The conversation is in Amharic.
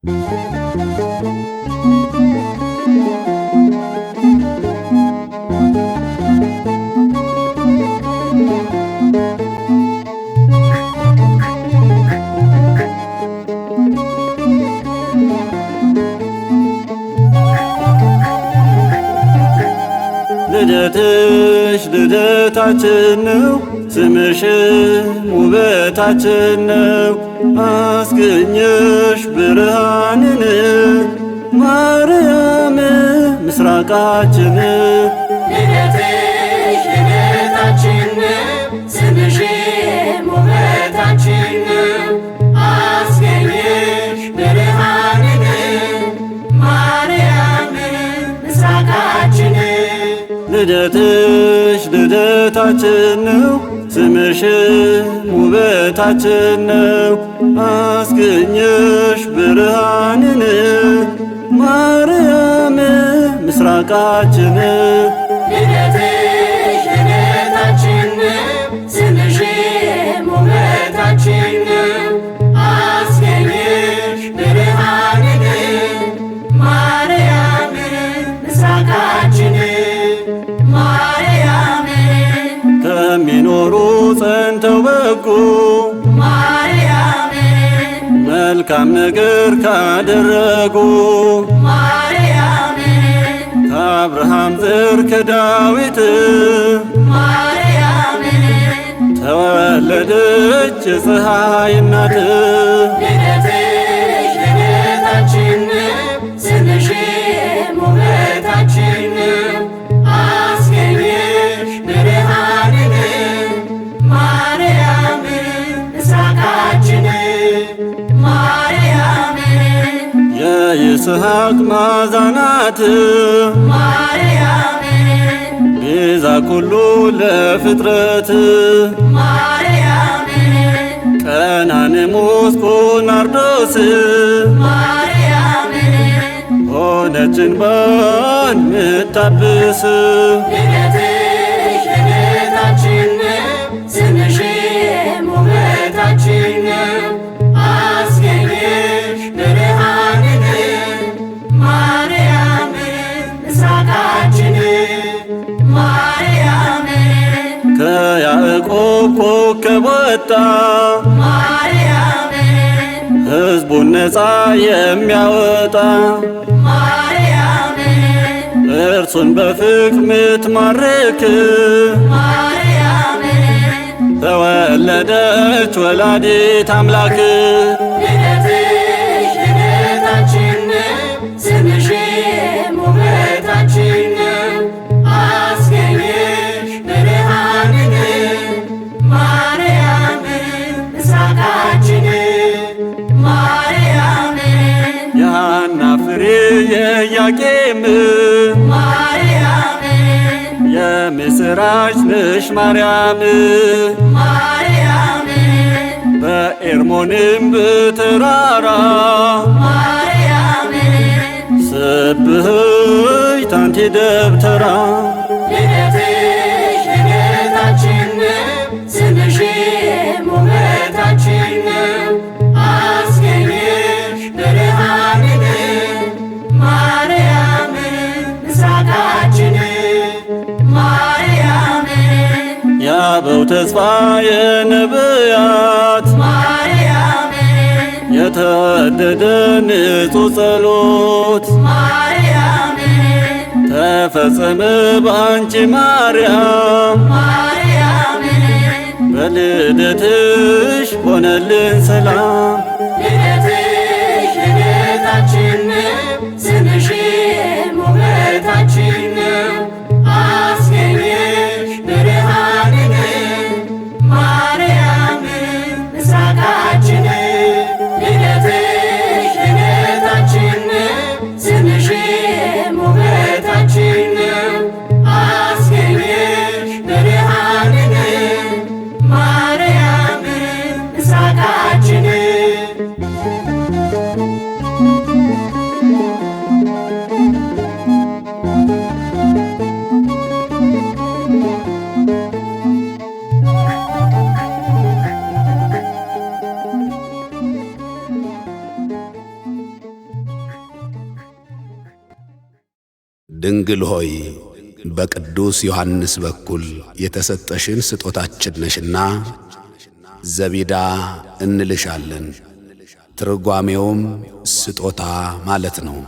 ልደትሽ ልደታችን ነው፣ ስምሽም ውበታችን ነው። አስገኘሽ ብርሃንን ማርያም ምስራቃችን ልደትሽ ልደታችን ነው፣ ስምሽ ውበታችን ነው። አስገኘሽ ብርሃንን ማርያም ምስራቃችን Imagine it. ኖሩ ጸንተው በጉ ማርያምን መልካም ነገር ካደረጉ ማርያምን ከአብርሃም ዘር ከዳዊት ማርያምን ተወለደች የፀሐይ እናት ይስሐቅ ማዛናት ማርያም ቤዛ ኩሉ ለፍጥረት ማርያም ቀናን ሙስኩ ናርዶስ ማርያም ሆነችን ባን ምታብስ ያዕቆብ ኮከብ ወጣ ማርያምን ሕዝቡን ነፃ የሚያወጣ ማርያምን እርሱን በፍቅር ምትማርክ ማርያምን ተወለደች ወላዲት አምላክ ኢያቄም ማርያም የምስራች ነሽ ማርያም ማርያም በኤርሞንም ብትራራ ማርያም ስብህት አንቲ ደብተራ በው ተስፋ የነብያት የተወደደ ንጹሕ ጸሎት ማርያምን ተፈጸመ በአንቺ ማርያም ማርያምን በልደትሽ ሆነልን ሰላም ልደትሽ ልደታችን ድንግል ሆይ በቅዱስ ዮሐንስ በኩል የተሰጠሽን ስጦታችን ነሽና ዘቢዳ እንልሻለን። ትርጓሜውም ስጦታ ማለት ነው።